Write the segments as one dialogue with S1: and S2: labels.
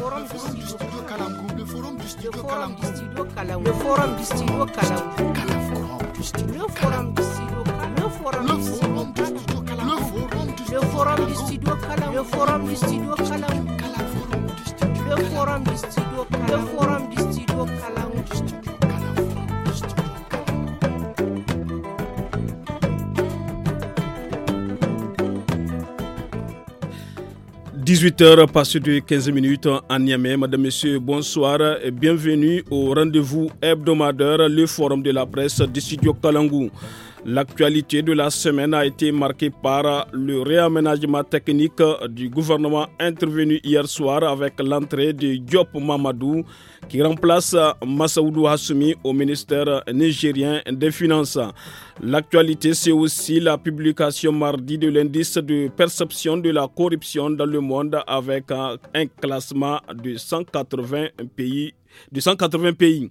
S1: forum du studio le forum du studio le forum du studio le forum du studio le forum du studio le forum du studio le forum du studio le forum du studio le forum du studio forum du studio
S2: 18h passé de 15 minutes en Niamey. Madame, Monsieur, bonsoir et bienvenue au rendez-vous hebdomadaire, le forum de la presse du studio Kalangou. L'actualité de la semaine a été marquée par le réaménagement technique du gouvernement intervenu hier soir avec l'entrée de Diop Mamadou qui remplace Massaoudou Hassoumi au ministère nigérien des Finances. L'actualité, c'est aussi la publication mardi de l'indice de perception de la corruption dans le monde avec un classement De 180 pays.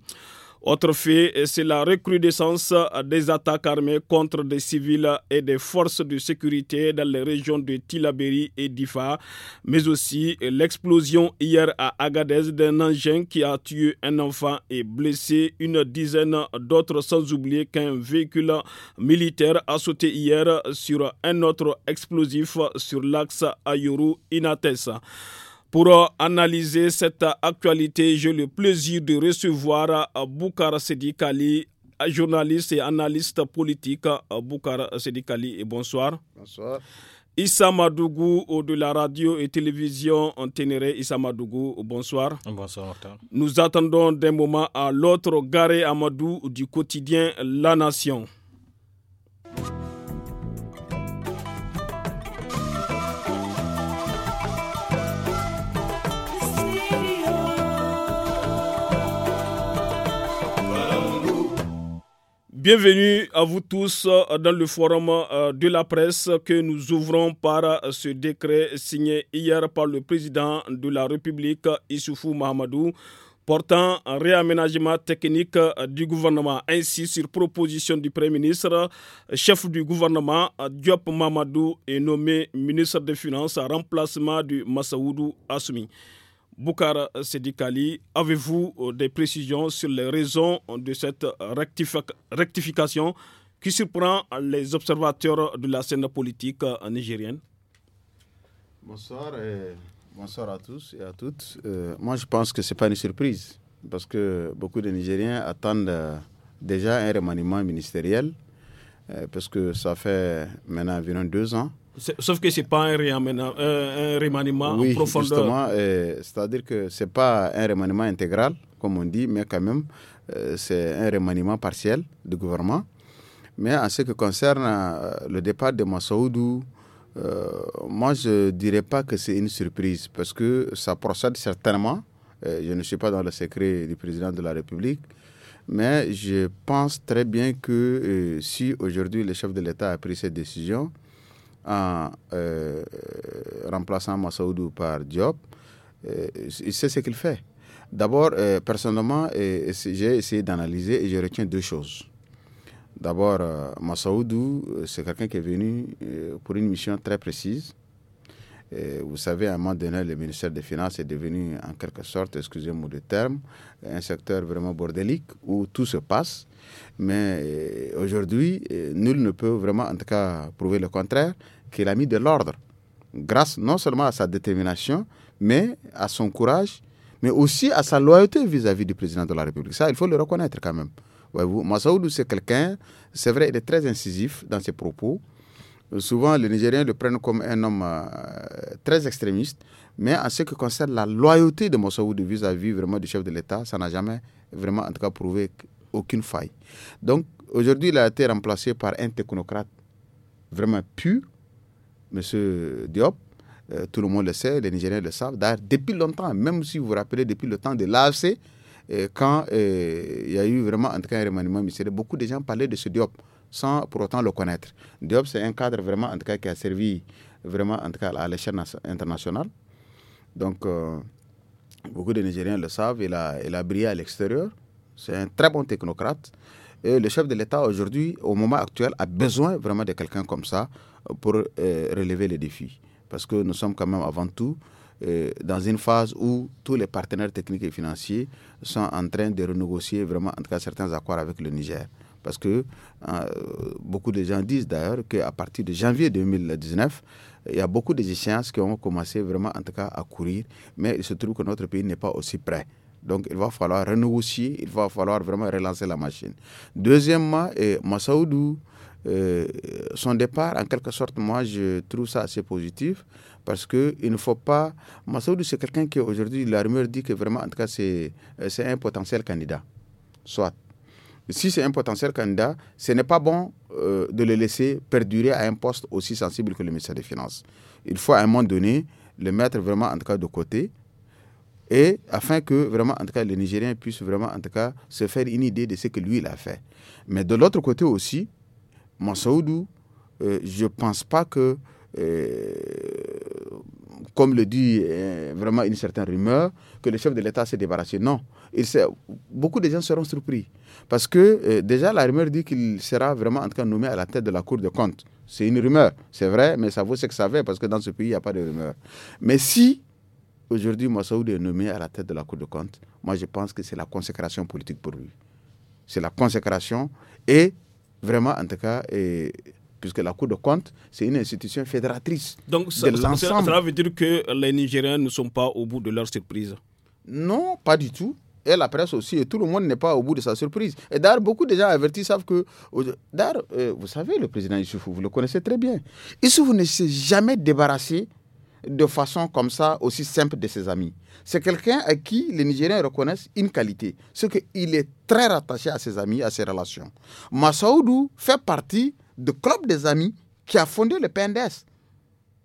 S2: Autre fait, c'est la recrudescence des attaques armées contre des civils et des forces de sécurité dans les régions de Tilaberi et d'Ifa, mais aussi l'explosion hier à Agadez d'un engin qui a tué un enfant et blessé une dizaine d'autres, sans oublier qu'un véhicule militaire a sauté hier sur un autre explosif sur l'axe Ayuru-Inates. Pour analyser cette actualité, j'ai le plaisir de recevoir Boukar Sedikali, journaliste et analyste politique. Boukar Sedikali, bonsoir. Bonsoir. Issa Madougou de la radio et télévision en Ténéré. Issa Madougou, bonsoir. Bonsoir, Nous attendons d'un moment à l'autre Garé Amadou du quotidien La Nation. Bienvenue à vous tous euh, dans le forum euh, de la presse que nous ouvrons par euh, ce décret signé hier par le président de la République, Issoufou Mahamadou portant un réaménagement technique du gouvernement. Ainsi, sur proposition du Premier ministre, chef du gouvernement, Diop Mamadou est nommé ministre des Finances à remplacement du Massaoudou Assoumi. Boukar Sedikali, avez-vous euh, des précisions sur les raisons de cette rectification qui surprend les observateurs de la scène politique euh, nigérienne
S3: Bonsoir, euh, bonsoir à tous et à toutes. moi, je pense que ce n'est pas une surprise parce que beaucoup de Nigériens attendent déjà un remaniement ministériel parce que ça fait maintenant environ deux ans
S2: Sauf que ce n'est pas un, un remaniement oui, Justement,
S3: euh, c'est-à-dire que ce n'est pas un remaniement intégral, comme on dit, mais quand même, euh, c'est un remaniement partiel du gouvernement. Mais en ce qui concerne euh, le départ de Massaoudou, moi, je ne dirais pas que c'est une surprise, parce que ça procède certainement. je ne suis pas dans le secret du président de la République. Mais je pense très bien que si aujourd'hui le chef de l'État a pris cette décision, en euh, remplaçant Massaoudou par Diop, euh, il sait ce qu'il fait. D'abord, euh, personnellement, j'ai essayé d'analyser et je retiens deux choses. D'abord, Massaoudou, c'est quelqu'un qui est venu pour une mission très précise. Euh, vous savez, à un moment donné, le ministère des Finances est devenu, en quelque sorte, excusez-moi le terme, un secteur vraiment bordélique où tout se passe. Mais euh, aujourd'hui, euh, nul ne peut vraiment, en tout cas, prouver le contraire, qu'il a mis de l'ordre, grâce non seulement à sa détermination, mais à son courage, mais aussi à sa loyauté vis-à-vis du président de la République. Ça, il faut le reconnaître quand même. Voyez-vous, Massaoudou, c'est quelqu'un, c'est vrai, il est très incisif dans ses propos, euh, souvent les Nigériens le prennent comme un homme euh, très extrémiste, mais en ce qui concerne la loyauté de de vis-à-vis vraiment du chef de l'État, ça n'a jamais vraiment, en tout cas, prouvé aucune faille. Donc, aujourd'hui, il a été remplacé par un technocrate vraiment pur, M. Diop. Euh, tout le monde le sait, les Nigériens le savent. D'ailleurs, depuis longtemps, même si vous vous rappelez, depuis le temps de l'AFC, quand il y a eu vraiment en tout cas, un remaniement ministériel, beaucoup de gens parlaient de ce Diop sans pour autant le connaître. Diop, c'est un cadre vraiment, en tout cas, qui a servi vraiment, en tout cas, à l'échelle internationale. Donc, euh, beaucoup de Nigériens le savent, il a, il a brillé à l'extérieur. C'est un très bon technocrate. Et le chef de l'État aujourd'hui, au moment actuel, a besoin vraiment de quelqu'un comme ça pour euh, relever les défis. Parce que nous sommes quand même avant tout euh, dans une phase où tous les partenaires techniques et financiers sont en train de renégocier vraiment, en tout cas, certains accords avec le Niger. Parce que euh, beaucoup de gens disent d'ailleurs qu'à partir de janvier 2019, il y a beaucoup des échéances qui ont commencé vraiment, en tout cas, à courir. Mais il se trouve que notre pays n'est pas aussi prêt. Donc, il va falloir aussi. il va falloir vraiment relancer la machine. Deuxièmement, et Massaoudou, euh, son départ, en quelque sorte, moi, je trouve ça assez positif parce qu'il ne faut pas. Massaoudou, c'est quelqu'un qui, aujourd'hui, la rumeur dit que vraiment, en tout cas, c'est euh, un potentiel candidat. Soit si c'est un potentiel candidat, ce n'est pas bon euh, de le laisser perdurer à un poste aussi sensible que le ministère des Finances. Il faut à un moment donné le mettre vraiment en de côté et afin que vraiment en tout cas les Nigériens puissent vraiment en tout cas se faire une idée de ce que lui il a fait. Mais de l'autre côté aussi, Mansaoudou, euh, je ne pense pas que euh, comme le dit euh, vraiment une certaine rumeur, que le chef de l'État s'est débarrassé. Non, beaucoup de gens seront surpris. Parce que euh, déjà, la rumeur dit qu'il sera vraiment en tout cas nommé à la tête de la Cour de Compte. C'est une rumeur, c'est vrai, mais ça vaut ce que ça veut, parce que dans ce pays, il n'y a pas de rumeur. Mais si aujourd'hui Massaoud est nommé à la tête de la Cour de Compte, moi je pense que c'est la consécration politique pour lui. C'est la consécration et vraiment, en tout cas, puisque la Cour de compte, c'est une institution fédératrice. Donc, ça, veut dire que les Nigériens ne sont pas au bout de leur surprise Non, pas du tout et la presse aussi, et tout le monde n'est pas au bout de sa surprise. Et d'ailleurs, beaucoup de gens avertis savent que. Euh, d'ailleurs, euh, vous savez, le président Issoufou, vous le connaissez très bien. Issoufou ne s'est jamais débarrassé de façon comme ça, aussi simple, de ses amis. C'est quelqu'un à qui les Nigériens reconnaissent une qualité c'est qu'il est très rattaché à ses amis, à ses relations. Massaoudou fait partie de club des amis qui a fondé le PNDS.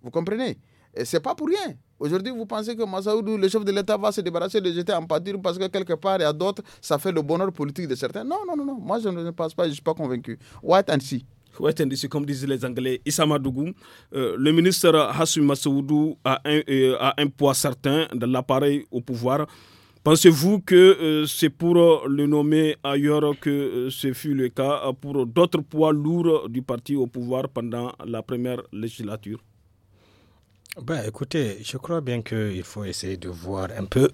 S3: Vous comprenez Et C'est pas pour rien. Aujourd'hui, vous pensez que Massaoudou, le chef de l'État, va se débarrasser de jeter en parce que quelque part, il y a d'autres, ça fait le bonheur politique de certains. Non, non, non, non. Moi, je ne pense pas, je ne suis pas convaincu. White and see. White and see, comme disent les Anglais, Issa
S2: Madougou, euh, le ministre Hassou Massaoudou a un, euh, a un poids certain de l'appareil au pouvoir. Pensez-vous que euh, c'est pour euh, le nommer ailleurs que euh, ce fut le cas pour d'autres poids lourds du parti au pouvoir pendant la
S4: première législature ben, Écoutez, je crois bien qu'il faut essayer de voir un peu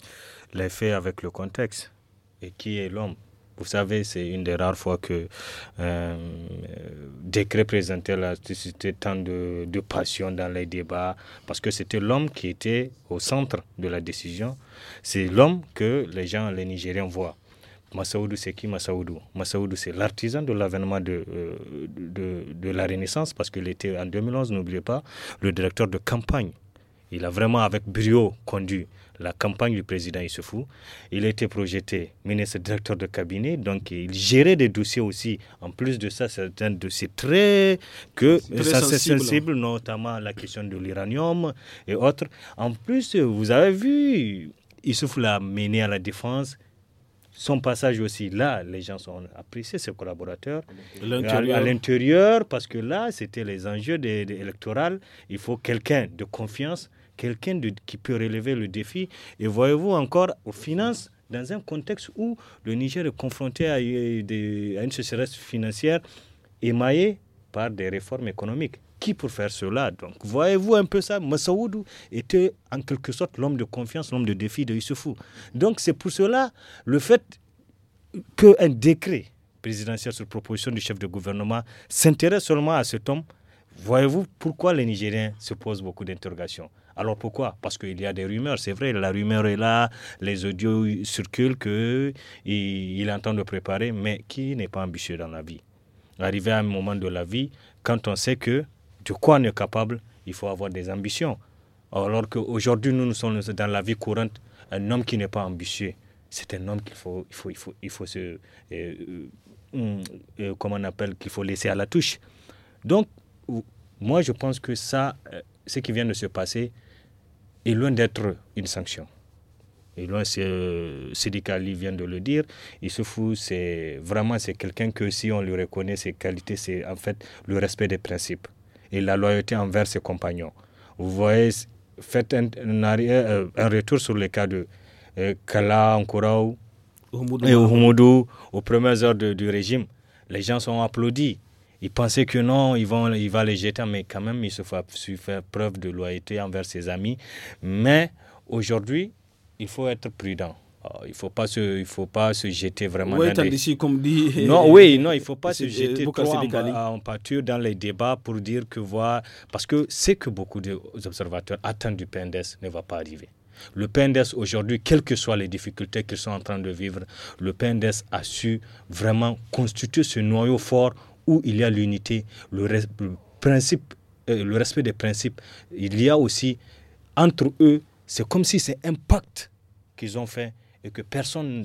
S4: les faits avec le contexte et qui est l'homme vous savez, c'est une des rares fois que euh, Décret présentait tant de, de, passion dans les débats, parce que c'était l'homme qui était au centre de la décision. C'est l'homme que les gens, les Nigériens, voient. Massaoudou, c'est qui Massaoudou Massaoudou, c'est l'artisan de l'avènement de, euh, de, de la Renaissance, parce qu'il était en 2011, n'oubliez pas, le directeur de campagne. Il a vraiment, avec brio, conduit la campagne du président Issoufou. Il était projeté ministre directeur de cabinet, donc il gérait des dossiers aussi. En plus de ça, certains dossiers très, que, ça, sensible. Hein. sensible, notamment la question de l'uranium et autres. En plus, vous avez vu, Issoufou l'a mené à la défense son passage aussi là, les gens ont apprécié ses collaborateurs à l'intérieur, parce que là, c'était les enjeux électoraux. Il faut quelqu'un de confiance quelqu'un qui peut relever le défi. Et voyez-vous encore aux finances, dans un contexte où le Niger est confronté à, une sécheresse financière émaillée par des réformes économiques. Qui pour faire cela Donc, voyez-vous un peu ça Massaoudou était en quelque sorte l'homme de confiance, l'homme de défi de Issoufou. Donc, c'est pour cela le fait qu'un décret présidentiel sur proposition du chef de gouvernement s'intéresse seulement à cet homme. Voyez-vous pourquoi les Nigériens se posent beaucoup d'interrogations alors pourquoi Parce qu'il y a des rumeurs, c'est vrai, la rumeur est là, les audios circulent qu'il il train de préparer, mais qui n'est pas ambitieux dans la vie Arriver à un moment de la vie, quand on sait que de quoi on est capable, il faut avoir des ambitions. Alors qu'aujourd'hui, nous, nous sommes dans la vie courante, un homme qui n'est pas ambitieux, c'est un homme qu'il faut, il faut, il faut, il faut se, euh, euh, hum, euh, comment on appelle, qu'il faut laisser à la touche. Donc, moi, je pense que ça, ce qui vient de se passer, est loin d'être une sanction. Et loin, euh, Sidikali vient de le dire, Il se fout, c'est vraiment c'est quelqu'un que si on lui reconnaît ses qualités, c'est en fait le respect des principes et la loyauté envers ses compagnons. Vous voyez, faites un, euh, euh, retour sur les cas de Kala, Ankoraou et Oumoudou aux premières heures du régime. Les gens sont applaudis il pensait que non, il va les jeter, mais quand même, il se fait preuve de loyauté envers ses amis. Mais aujourd'hui, il faut être prudent. Ah, il ne faut, pas se, il faut pas se jeter vraiment dans comme dit... Non, oui, non, il ne faut pas se euh, jeter en, en, pâture dans les débats pour dire que... Voilà, parce que c'est que beaucoup d'observateurs attendent du PNDES ne va pas arriver. Le PNDES aujourd'hui, quelles que soient les difficultés qu'ils sont en train de vivre, le PNDES a su vraiment constituer ce noyau fort où il y a l'unité, le, principe, euh, le respect des principes, il y a aussi entre eux, c'est comme si c'est un pacte qu'ils ont fait et que personne,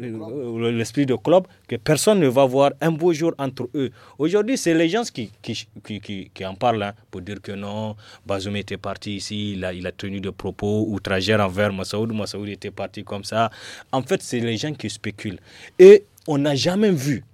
S4: euh, l'esprit de, club, que personne ne va voir un beau jour entre eux. Aujourd'hui, c'est les gens qui, qui, qui, qui en parlent hein, pour dire que non, Bazoum était parti ici, il a, il a tenu des propos outragères envers Massaoud, Massaoud était parti comme ça. En fait, c'est les gens qui spéculent. Et on n'a jamais vu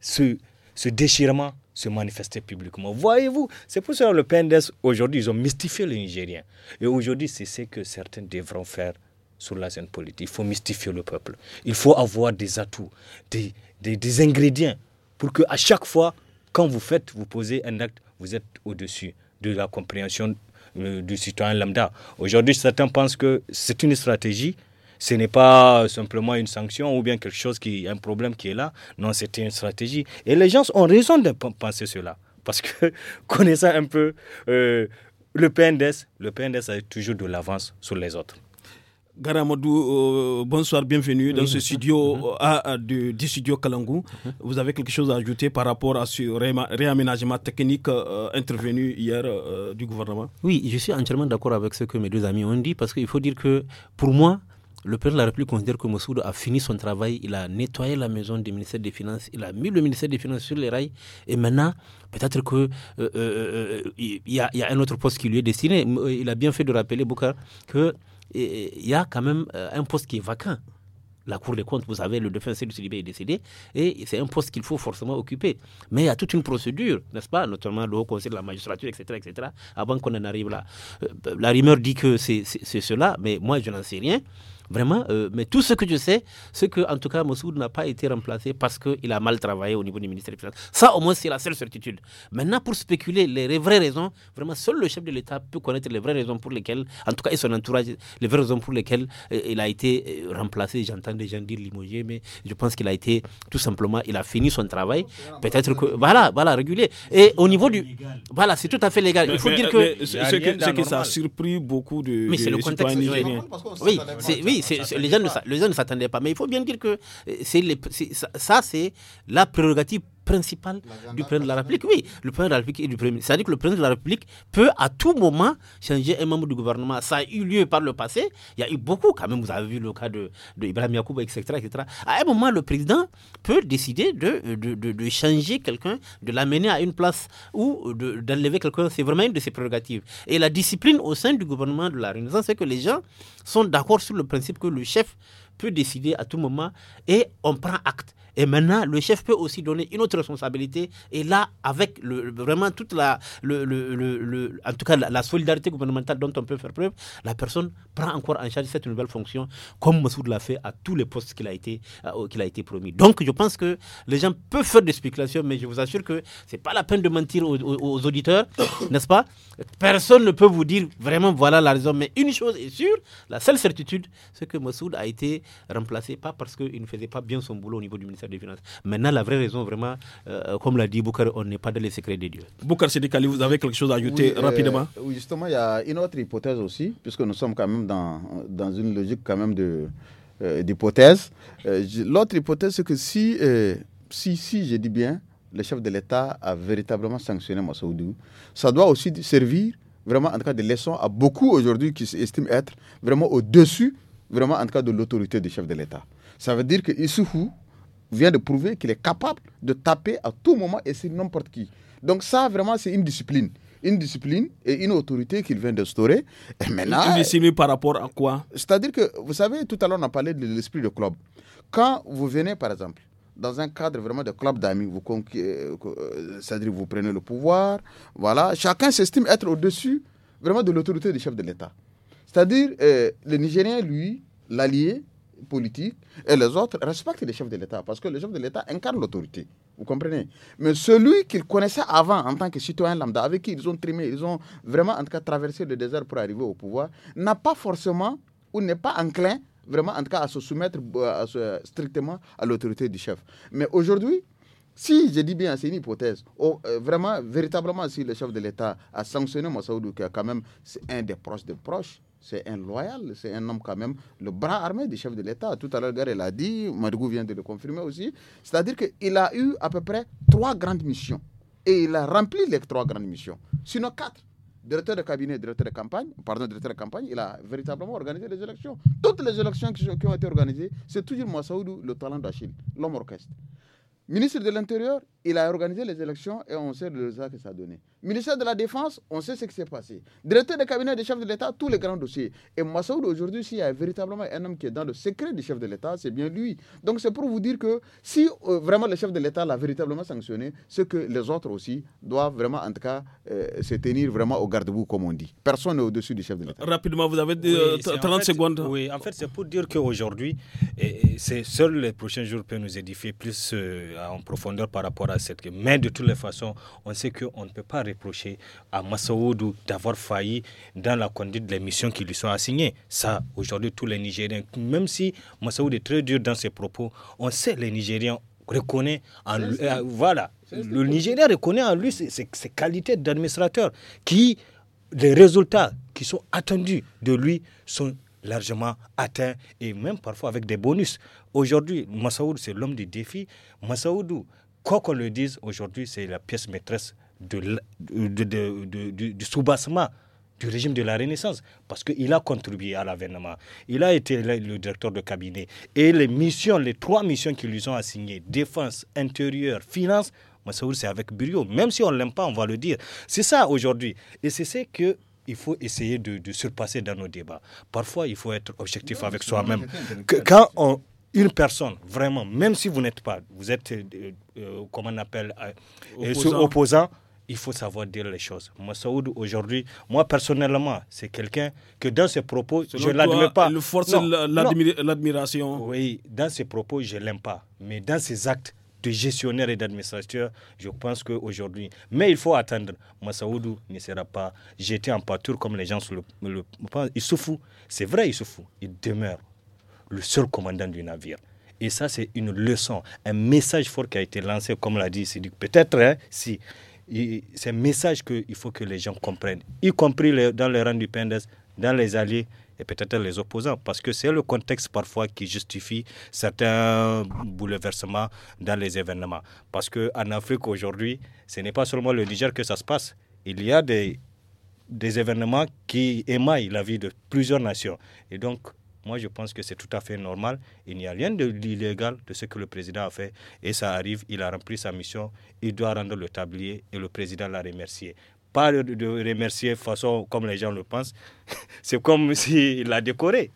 S4: ce, ce déchirement se manifestait publiquement. Voyez-vous, c'est pour cela que le PNDS, aujourd'hui, ils ont mystifié le Nigériens. Et aujourd'hui, c'est ce que certains devront faire sur la scène politique. Il faut mystifier le peuple. Il faut avoir des atouts, des, ingrédients pour que à chaque fois, quand vous faites, vous posez un acte, vous êtes au-dessus de la compréhension euh, du citoyen lambda. Aujourd'hui, certains pensent que c'est une stratégie ce n'est pas euh, simplement une sanction ou bien quelque chose qui, un problème qui est là. Non, c'était une stratégie. Et les gens ont raison de penser cela. Parce que, connaissant un peu euh, le PNDS, le PNDS a toujours de l'avance sur les autres.
S2: Garamadou, euh, bonsoir, bienvenue dans ce studio mm-hmm. du, studio Kalangou. Mm-hmm. Vous avez quelque chose à ajouter par rapport à ce réaménagement technique
S1: intervenu hier du gouvernement Oui, je suis entièrement d'accord avec ce que mes deux amis ont dit parce qu'il faut dire que pour moi, le président de la République considère que Mossoud a fini son travail, il a nettoyé la maison du ministère des Finances, il a mis le ministère des Finances sur les rails, et maintenant, peut-être qu'il euh, euh, euh, y, a, un autre poste qui lui est destiné. Il a bien fait de rappeler, que qu'il y a quand même un poste qui est vacant la Cour des comptes, vous savez, le défunt du CIB est décédé, et c'est un poste qu'il faut forcément occuper. Mais il y a toute une procédure, n'est-ce pas, notamment le Haut Conseil de la magistrature, etc., etc., avant qu'on en arrive là. La rumeur dit que c'est cela, mais moi, je n'en sais rien. Vraiment, euh, mais tout ce que je sais, c'est que, en tout cas, Mossoud n'a pas été remplacé parce qu'il a mal travaillé au niveau du ministère des Finances. Ça, au moins, c'est la seule certitude. Maintenant, pour spéculer les vraies raisons, vraiment, seul le chef de l'État peut connaître les vraies raisons pour lesquelles, en tout cas, et son entourage, les vraies raisons pour lesquelles euh, il a été euh, remplacé. J'entends des gens dire limogé, mais je pense qu'il a été, tout simplement, il a fini son travail. Peut-être que, voilà, voilà, régulier. Et au niveau du. Voilà, c'est tout à fait légal. Il faut dire que. Ce que, que ça a surpris beaucoup de. Mais c'est le contexte. Oui, oui les gens ne s'attendaient pas. Mais il faut bien dire que euh, ça c'est la prérogative principal du président de la République. Oui, le président de la République est du Premier ministre. C'est-à-dire que le président de la République peut à tout moment changer un membre du gouvernement. Ça a eu lieu par le passé. Il y a eu beaucoup, quand même, vous avez vu le cas de, Ibrahim Yacoub, etc., etc. À un moment, le président peut décider de, de, de, de changer quelqu'un, de l'amener à une place ou d'enlever quelqu'un. C'est vraiment une de ses prérogatives. Et la discipline au sein du gouvernement de la Renaissance, c'est que les gens sont d'accord sur le principe que le chef peut décider à tout moment et on prend acte. Et maintenant, le chef peut aussi donner une autre responsabilité. Et là, avec vraiment toute la, en tout cas, la, solidarité gouvernementale dont on peut faire preuve, la personne prend encore en charge cette nouvelle fonction, comme Massoud l'a fait à tous les postes qu'il a été, euh, a été promis. Donc, je pense que les gens peuvent faire des spéculations, mais je vous assure que ce n'est pas la peine de mentir aux, auditeurs, n'est-ce pas Personne ne peut vous dire vraiment voilà la raison. Mais une chose est sûre, la seule certitude, c'est que Massoud a été remplacé pas parce qu'il ne faisait pas bien son boulot au niveau du ministère Finances. Maintenant, la vraie raison, vraiment, euh, comme l'a dit Boukar, on n'est pas dans les secrets des dieux.
S3: Boukar Sédicali, vous avez quelque chose à ajouter euh, rapidement Oui, justement, il y a une autre hypothèse aussi, puisque nous sommes quand même dans, dans une logique quand même euh, d'hypothèse. L'autre hypothèse, c'est que si, si, si, je dis bien, le chef de l'État a véritablement sanctionné Massoudou, ça doit aussi servir vraiment en tout cas de leçon à beaucoup aujourd'hui qui s'estiment être vraiment au-dessus, vraiment en tout cas de l'autorité du chef de l'État. Ça veut dire que Issoufou, vient de prouver qu'il est capable de taper à tout moment et c'est n'importe qui. Donc ça, vraiment, c'est une discipline. Une discipline et une autorité qu'il vient d'instaurer. Et maintenant... Une discipline par rapport à quoi C'est-à-dire que, vous savez, tout à l'heure, on a parlé de l'esprit de club. Quand vous venez, par exemple, dans un cadre vraiment de club d'amis, vous, euh, euh, c'est-à-dire vous prenez le pouvoir, voilà, chacun s'estime être au-dessus vraiment de l'autorité du chef de l'État. C'est-à-dire, euh, le Nigérien, lui, l'allié, politique et les autres respectent les chefs de l'État parce que les chefs de l'État incarnent l'autorité. Vous comprenez Mais celui qu'ils connaissaient avant en tant que citoyen lambda, avec qui ils ont trimé, ils ont vraiment en tout cas traversé le désert pour arriver au pouvoir, n'a pas forcément ou n'est pas enclin vraiment en tout cas à se soumettre euh, à strictement à l'autorité du chef. Mais aujourd'hui, si je dis bien, c'est une hypothèse. Euh, vraiment, véritablement, si le chef de l'État a sanctionné Massaoudou, qui est quand même un des proches des proches, c'est un loyal, c'est un homme quand même, le bras armé du chef de l'État. Tout à l'heure, il a dit, Madougou vient de le confirmer aussi. C'est-à-dire qu'il a eu à peu près trois grandes missions. Et il a rempli les trois grandes missions. Sinon, quatre directeur de cabinet, directeur de campagne, pardon, directeur de campagne, il a véritablement organisé les élections. Toutes les élections qui, ont été organisées, c'est toujours Saoudou, le talent d'Achille, l'homme orchestre. Ministre de l'Intérieur, il a organisé les élections et on sait le résultat que ça a donné. Ministère de la Défense, on sait ce qui s'est passé. Directeur des cabinets des chefs de l'État, tous les grands dossiers. Et Massoud, aujourd'hui, s'il y a véritablement un homme qui est dans le secret du chef de l'État, c'est bien lui. Donc c'est pour vous dire que si euh, vraiment le chef de l'État l'a véritablement sanctionné, c'est que les autres aussi doivent vraiment, en tout cas, euh, se tenir vraiment au garde-boue, comme on dit. Personne n'est au-dessus du chef de l'État.
S4: Rapidement, vous avez 30 euh, secondes. Oui, en fait, c'est pour dire qu'aujourd'hui, seuls les prochains jours peuvent nous édifier plus en profondeur par rapport à cette. Mais de toutes les façons, on sait qu'on ne peut pas reprocher à Massaoudou d'avoir failli dans la conduite des missions qui lui sont assignées. Ça, aujourd'hui, tous les Nigériens, même si Massaoudou est très dur dans ses propos, on sait les Nigériens reconnaît en euh, voilà, le nigéria reconnaît en lui ses, ses qualités d'administrateur qui les résultats qui sont attendus de lui sont largement atteint et même parfois avec des bonus. Aujourd'hui, Massaoud, c'est l'homme du défi. Massaoudou, quoi qu'on le dise, aujourd'hui, c'est la pièce maîtresse de, de, de, du soubassement du régime de la Renaissance, parce qu'il a contribué à l'avènement. Il a été le directeur de cabinet. Et les missions, les trois missions qu'ils lui ont assignées, défense, intérieur, finance, Massaoud, c'est avec bureau. Même si on ne l'aime pas, on va le dire. C'est ça aujourd'hui. Et c'est ce que il faut essayer de, surpasser dans nos débats. Parfois, il faut être objectif avec soi-même. Quand on, une personne, vraiment, même si vous n'êtes pas, vous êtes, comme euh, euh, comment on appelle, euh, opposant. il faut savoir dire les choses. Moi, Saoud, aujourd'hui, moi personnellement, c'est quelqu'un que dans ses propos, je ne pas. Le force l'admiration. Oui, dans ses propos, je ne l'aime pas. Mais dans ses actes, de gestionnaire et d'administrateur, je pense qu'aujourd'hui. Mais il faut attendre. Massaoudou ne sera pas jeté en pâture comme les gens le, le pensent. Il se fout. C'est vrai, il se fout. Il demeure le seul commandant du navire. Et ça, c'est une leçon, un message fort qui a été lancé, comme l'a dit Sidiq. Peut-être, hein, si. C'est un message qu'il faut que les gens comprennent, y compris dans les rangs du PNDES, dans les alliés, et peut-être les opposants, parce que c'est le contexte parfois qui justifie certains bouleversements dans les événements. Parce qu'en Afrique aujourd'hui, ce n'est pas seulement le Niger que ça se passe. Il y a des, événements qui émaillent la vie de plusieurs nations. Et donc, moi, je pense que c'est tout à fait normal. Il n'y a rien de illégal de ce que le président a fait. Et ça arrive, il a rempli sa mission, il doit rendre le tablier et le président l'a remercié pas de, remercier de façon comme les gens le pensent. C'est comme s'il a décoré.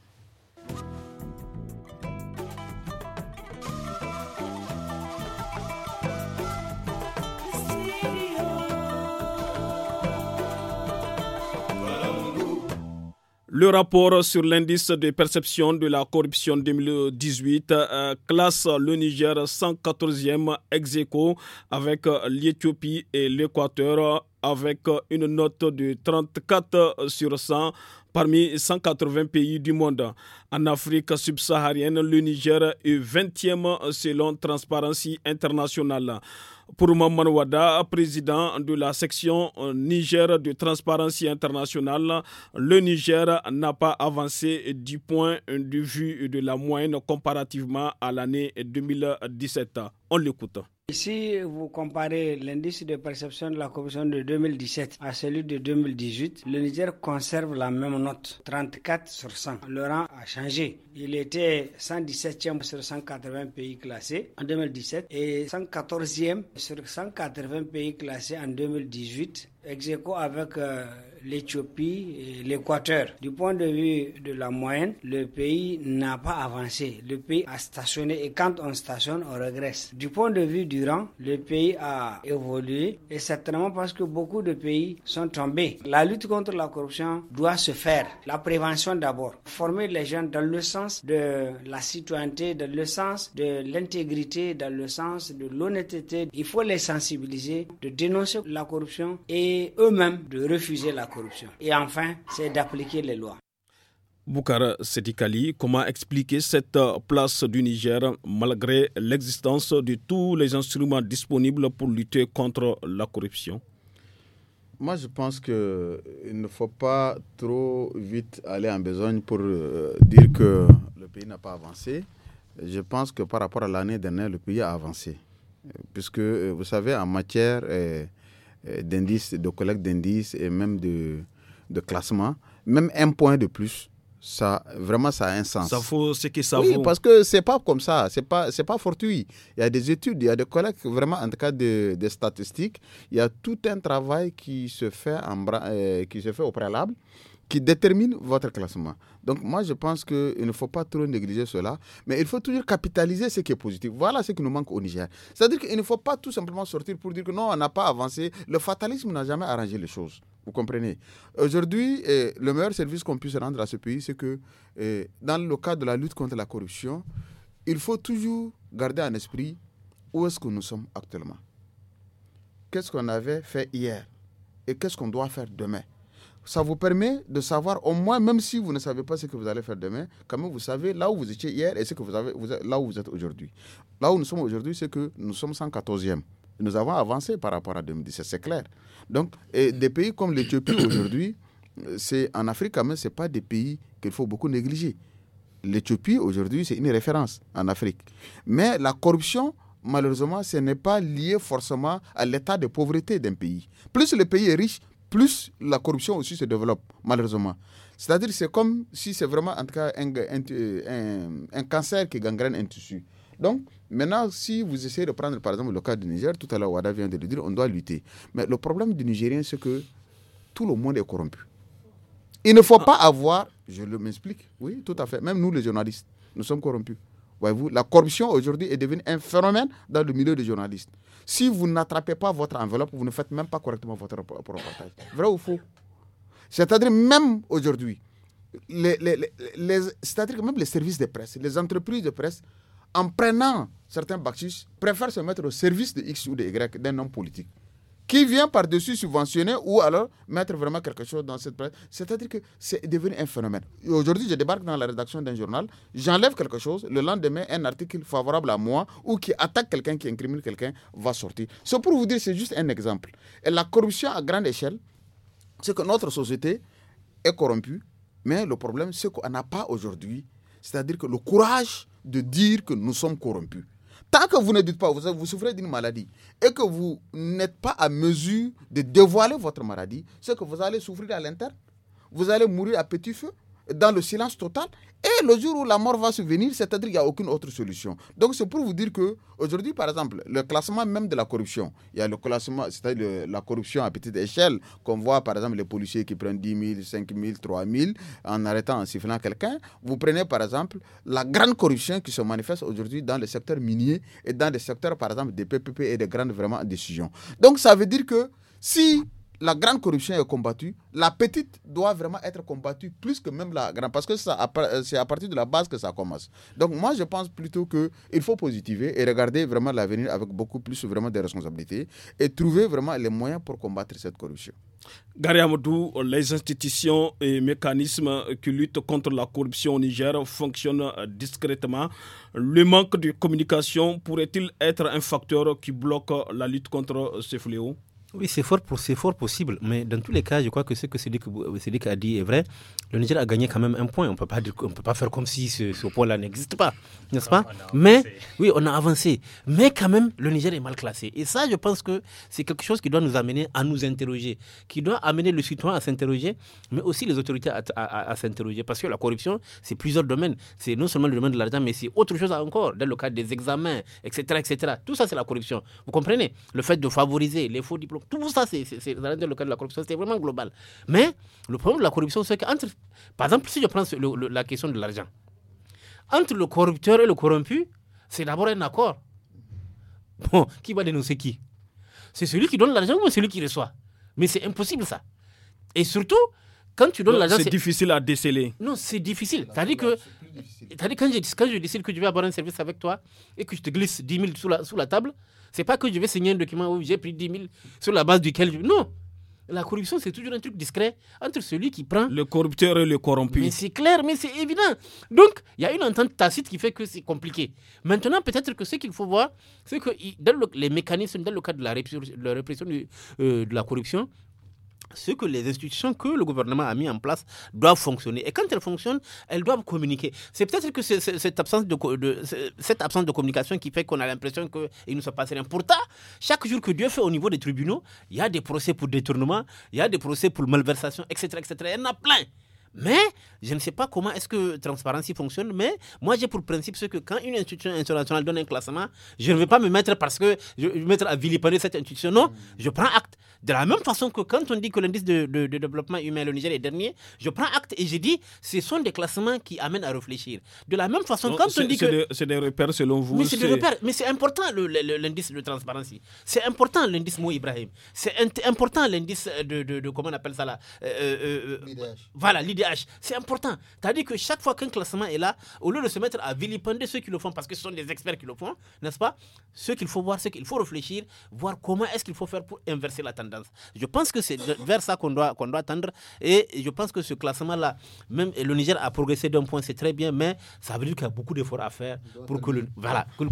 S2: Le rapport sur l'indice de perception de la corruption 2018 euh, classe le Niger 114e ex avec euh, l'Éthiopie et l'Équateur avec euh, une note de 34 euh, sur 100 parmi 180 pays du monde. En Afrique subsaharienne, le Niger est 20e euh, selon Transparency International. Pour Maman Wada, président de la section Niger de Transparency International, le Niger n'a pas avancé du point de vue de la moyenne comparativement à l'année 2017. On l'écoute.
S5: Si vous comparez l'indice de perception de la corruption de 2017 à celui de 2018, le Niger conserve la même note, 34 sur 100. Le rang a changé. Il était 117e sur 180 pays classés en 2017 et 114e sur 180 pays classés en 2018 ex avec euh, l'Éthiopie et l'Équateur. Du point de vue de la moyenne, le pays n'a pas avancé. Le pays a stationné et quand on stationne, on regresse. Du point de vue du rang, le pays a évolué et certainement parce que beaucoup de pays sont tombés. La lutte contre la corruption doit se faire. La prévention d'abord. Former les jeunes dans le sens de la citoyenneté, dans le sens de l'intégrité, dans le sens de l'honnêteté. Il faut les sensibiliser, de dénoncer la corruption et eux-mêmes de refuser la corruption. Et enfin, c'est d'appliquer les lois.
S2: Boukara Sedikali, comment expliquer cette euh, place du Niger malgré l'existence de tous les instruments disponibles pour lutter contre la corruption
S3: Moi, je pense qu'il ne faut pas trop vite aller en besogne pour euh, dire que le pays n'a pas avancé. Je pense que par rapport à l'année dernière, le pays a avancé. Puisque, euh, vous savez, en matière... Euh, d'indices, de collecte d'indices et même de, de classement, même un point de plus, ça vraiment ça a un sens. Ça faut ce que ça oui, parce que c'est pas comme ça, c'est pas c'est pas fortuit. Il y a des études, il y a des collectes vraiment en tout cas de, des statistiques, il y a tout un travail qui se fait en, euh, qui se fait au préalable qui détermine votre classement. Donc moi, je pense qu'il ne faut pas trop négliger cela, mais il faut toujours capitaliser ce qui est positif. Voilà ce qui nous manque au Niger. C'est-à-dire qu'il ne faut pas tout simplement sortir pour dire que non, on n'a pas avancé. Le fatalisme n'a jamais arrangé les choses. Vous comprenez Aujourd'hui, eh, le meilleur service qu'on puisse rendre à ce pays, c'est que eh, dans le cadre de la lutte contre la corruption, il faut toujours garder en esprit où est-ce que nous sommes actuellement. Qu'est-ce qu'on avait fait hier et qu'est-ce qu'on doit faire demain ça vous permet de savoir au moins, même si vous ne savez pas ce que vous allez faire demain, quand même vous savez là où vous étiez hier et ce que vous avez, vous là où vous êtes aujourd'hui. Là où nous sommes aujourd'hui, c'est que nous sommes 114e. Nous avons avancé par rapport à 2017, c'est clair. Donc, et des pays comme l'Éthiopie aujourd'hui, c'est en Afrique quand même, ce pas des pays qu'il faut beaucoup négliger. L'Éthiopie aujourd'hui, c'est une référence en Afrique. Mais la corruption, malheureusement, ce n'est pas lié forcément à l'état de pauvreté d'un pays. Plus le pays est riche, plus la corruption aussi se développe, malheureusement. C'est-à-dire c'est comme si c'est vraiment un, cancer qui gangrène un tissu. Donc, maintenant, si vous essayez de prendre par exemple le cas du Niger, tout à l'heure Wada vient de le dire, on doit lutter. Mais le problème du Nigérien, c'est que tout le monde est corrompu. Il ne faut ah. pas avoir, je m'explique, oui, tout à fait, même nous les journalistes, nous sommes corrompus vous la corruption aujourd'hui est devenue un phénomène dans le milieu des journalistes. Si vous n'attrapez pas votre enveloppe, vous ne faites même pas correctement votre reportage. Vrai ou faux C'est-à-dire même aujourd'hui, les, c'est-à-dire que même les services de presse, les entreprises de presse, en prenant certains bactus, préfèrent se mettre au service de X ou de Y d'un homme politique qui vient par-dessus subventionner ou alors mettre vraiment quelque chose dans cette presse. C'est-à-dire que c'est devenu un phénomène. Aujourd'hui, je débarque dans la rédaction d'un journal, j'enlève quelque chose, le lendemain, un article favorable à moi ou qui attaque quelqu'un, qui incrimine quelqu'un, va sortir. C'est pour vous dire, c'est juste un exemple. Et la corruption à grande échelle, c'est que notre société est corrompue, mais le problème, c'est qu'on n'a pas aujourd'hui, c'est-à-dire que le courage de dire que nous sommes corrompus. Tant que vous ne dites pas, vous, vous souffrez d'une maladie et que vous n'êtes pas à mesure de dévoiler votre maladie, c'est que vous allez souffrir à l'interne, vous allez mourir à petit feu, dans le silence total. Et le jour où la mort va se venir, c'est-à-dire qu'il n'y a aucune autre solution. Donc c'est pour vous dire que aujourd'hui, par exemple, le classement même de la corruption, il y a le classement, c'est-à-dire la corruption à petite échelle, qu'on voit par exemple les policiers qui prennent 10 000, 5 000, 3 000 en arrêtant, en sifflant quelqu'un. Vous prenez par exemple la grande corruption qui se manifeste aujourd'hui dans le secteur minier et dans le secteur par exemple des PPP et des grandes vraiment décisions. Donc ça veut dire que si la grande corruption est combattue, la petite doit vraiment être combattue plus que même la grande, parce que c'est à partir de la base que ça commence. Donc moi, je pense plutôt qu'il faut positiver et regarder vraiment l'avenir avec beaucoup plus vraiment de responsabilités et trouver vraiment les moyens pour combattre cette corruption.
S2: Gary Amadou, les institutions et mécanismes qui luttent contre la corruption au Niger fonctionnent discrètement. Le manque de communication pourrait-il être un facteur qui bloque la lutte contre ce fléau
S1: oui, c'est fort, fort possible, mais dans tous les cas, je crois que ce que Cédric a dit est vrai. Le Niger a gagné quand même un point. On ne peut pas faire comme si ce, point-là n'existe pas, n'est-ce pas Mais oui, on a avancé. Mais quand même, le Niger est mal classé. Et ça, je pense que c'est quelque chose qui doit nous amener à nous interroger, qui doit amener le citoyen à s'interroger, mais aussi les autorités à, s'interroger. Parce que la corruption, c'est plusieurs domaines. C'est non seulement le domaine de l'argent, mais c'est autre chose encore, dans le cadre des examens, etc. etc. Tout ça, c'est la corruption. Vous comprenez Le fait de favoriser les faux diplômes tout ça, c'est dans le cadre de la corruption, c'est vraiment global. Mais le problème de la corruption, c'est qu'entre, par exemple, si je prends la question de l'argent, entre le corrupteur et le corrompu, c'est d'abord un accord. Bon, qui va dénoncer qui C'est celui qui donne l'argent ou c'est celui qui reçoit Mais c'est impossible ça. Et surtout, quand tu donnes l'argent. C'est difficile à déceler. Non, c'est difficile. C'est-à-dire que. Difficile. Quand, je, quand je décide que je vais avoir un service avec toi et que je te glisse 10 000 sous la, sous la table, c'est pas que je vais signer un document où j'ai pris 10 000 sur la base duquel je... Non la corruption, c'est toujours un truc discret entre celui qui prend. Le corrupteur et le corrompu. Mais c'est clair, mais c'est évident. Donc, il y a une entente tacite qui fait que c'est compliqué. Maintenant, peut-être que ce qu'il faut voir, c'est que dans le, les mécanismes, dans le cadre de la répression, de la euh, corruption, ce que les institutions que le gouvernement a mis en place doivent fonctionner. Et quand elles fonctionnent, elles doivent communiquer. C'est peut-être que cette, absence de, cette absence de communication qui fait qu'on a l'impression qu'il ne se passe rien. Pourtant, chaque jour que Dieu fait au niveau des tribunaux, il y a des procès pour détournement, il y a des procès pour malversation, etc. etc. Il y en a plein. Mais je ne sais pas comment est-ce que Transparency fonctionne, mais moi j'ai pour principe ce que quand une institution internationale donne un classement, je ne vais pas me mettre parce que je mettre à vilipender cette institution. Non, je prends acte. De la même façon que quand on dit que l'indice de, développement humain, le Niger est dernier, je prends acte et je dis ce sont des classements qui amènent à réfléchir. De la même façon, quand on dit que.
S2: C'est des repères selon vous. Mais c'est des repères.
S1: Mais c'est important l'indice de transparence. C'est important l'indice Mo Ibrahim. C'est important l'indice de, Comment on appelle ça là euh, euh, euh, L'IDH. Voilà, l'IDH. C'est important. C'est-à-dire que chaque fois qu'un classement est là, au lieu de se mettre à vilipender ceux qui le font parce que ce sont des experts qui le font, n'est-ce pas Ce qu'il faut voir, c'est qu'il faut réfléchir, voir comment est-ce qu'il faut faire pour inverser la tendance. Je pense que c'est vers ça qu'on doit, qu'on doit tendre. Et je pense que ce classement-là, même le Niger a progressé d'un point, c'est très bien, mais ça veut dire qu'il y a beaucoup d'efforts à faire pour que, le,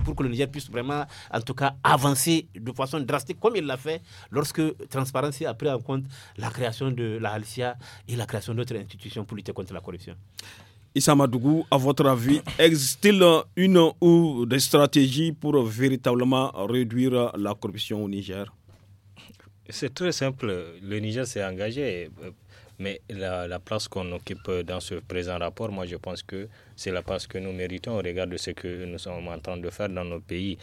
S1: pour que le Niger puisse vraiment, en tout cas, avancer de façon drastique, comme il l'a fait lorsque Transparency a pris en compte la création de la Halcia et la création d'autres institutions pour lutter contre la corruption.
S2: Issa à votre avis, existe-t-il une ou des stratégies pour véritablement
S4: réduire la corruption au Niger c'est très simple. Le Niger s'est engagé. Mais la, place qu'on occupe dans ce présent rapport, moi je pense que c'est la place que nous méritons au regard de ce que nous sommes en train de faire dans nos pays.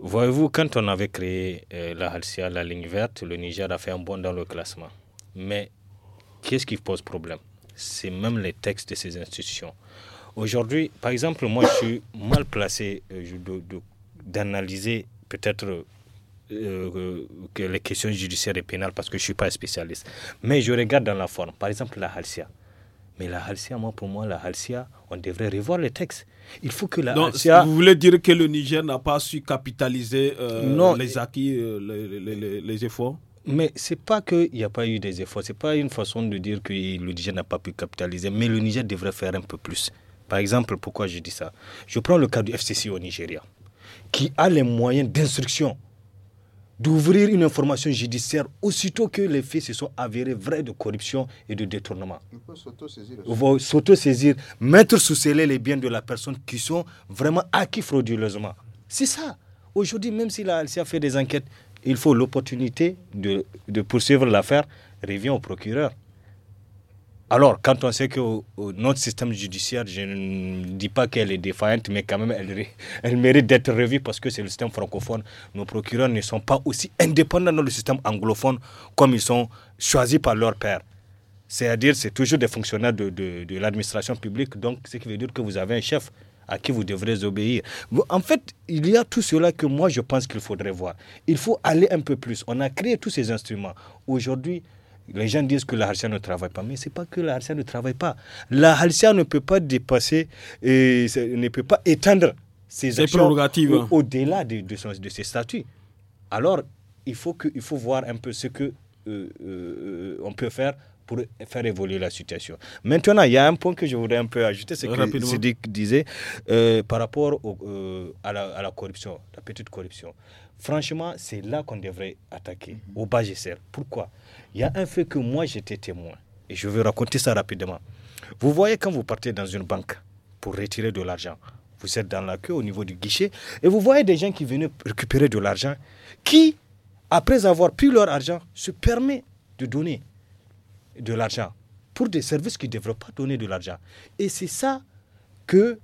S4: Voyez-vous, quand on avait créé euh, la Halcia, la ligne verte, le Niger a fait un bond dans le classement. Mais qu'est-ce qui pose problème C'est même les textes de ces institutions. Aujourd'hui, par exemple, moi je suis mal placé euh, d'analyser peut-être euh, que les questions judiciaires et pénales parce que je ne suis pas spécialiste. Mais je regarde dans la forme. Par exemple, la Halcia. Mais la Halcia, moi, pour moi, la Halcia, on devrait revoir le texte Il faut que la Vous voulez dire que le Niger n'a pas su capitaliser
S2: euh, non, les acquis, euh, les, efforts
S4: mais c'est pas qu'il n'y a pas eu des efforts, c'est pas une façon de dire que le Niger n'a pas pu capitaliser, mais le Niger devrait faire un peu plus. Par exemple, pourquoi je dis ça Je prends le cas du FCC au Nigeria, qui a les moyens d'instruction d'ouvrir une information judiciaire aussitôt que les faits se sont avérés vrais de corruption et de détournement.
S3: On peut saisir
S4: saisir mettre sous scellé les biens de la personne qui sont vraiment acquis frauduleusement. C'est ça. Aujourd'hui, même si la LCA fait des enquêtes, il faut l'opportunité de, poursuivre l'affaire, revient au procureur. Alors, quand on sait que euh, notre système judiciaire, je ne dis pas qu'elle est défaillante, mais quand même, elle, elle mérite d'être revue parce que c'est le système francophone. Nos procureurs ne sont pas aussi indépendants dans le système anglophone comme ils sont choisis par leur père. C'est-à-dire, c'est toujours des fonctionnaires de, de l'administration publique, donc ce qui veut dire que vous avez un chef à qui vous devrez obéir. En fait, il y a tout cela que moi, je pense qu'il faudrait voir. Il faut aller un peu plus. On a créé tous ces instruments. Aujourd'hui, les gens disent que la halsia ne travaille pas, mais ce n'est pas que la halsia ne travaille pas. La halsia ne peut pas dépasser et ne peut pas étendre ses actions au-delà de, de, ses statuts. Alors, il faut, que, il faut voir un peu ce que euh, euh, on peut faire pour faire évoluer la situation. Maintenant, il y a un point que je voudrais un peu ajouter, c'est que Sidique disait euh, par rapport à, la, corruption, la petite corruption. Franchement, c'est là qu'on devrait attaquer, mhm. au bas Gesser. Pourquoi Il y a un fait que moi, j'étais témoin. Et je vais raconter ça rapidement. Vous voyez, quand vous partez dans une banque pour retirer de l'argent, vous êtes dans la queue au niveau du guichet et vous voyez des gens qui viennent récupérer de l'argent qui, après avoir pris leur argent, se permet de donner de l'argent pour des services qui ne devraient pas donner de l'argent. Et c'est ça que